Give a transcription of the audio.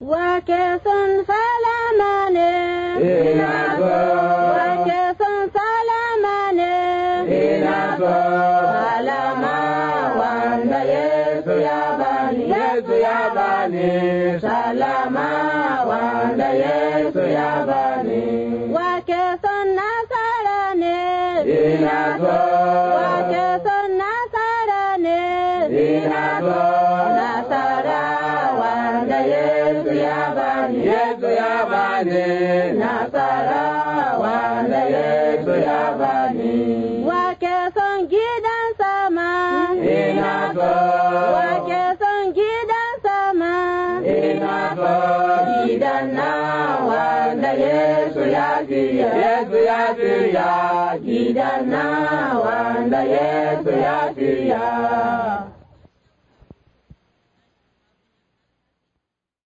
وكاس سلامان إنابا وكاس سلامان إنابا سلاما وأنت يسو يا بني يسو يا بني سلاما وأنت يسو يا بني وكاس نصراني إنابا وكاس نصراني إنابا Yesu ya bani Yesu ya bani nasara wanda Yesu ya bani wake son gidan sama ina so wake son gidan sama ina so gidan na wanda Yesu ya siya Yesu ya siya gidan na wanda Yesu ya siya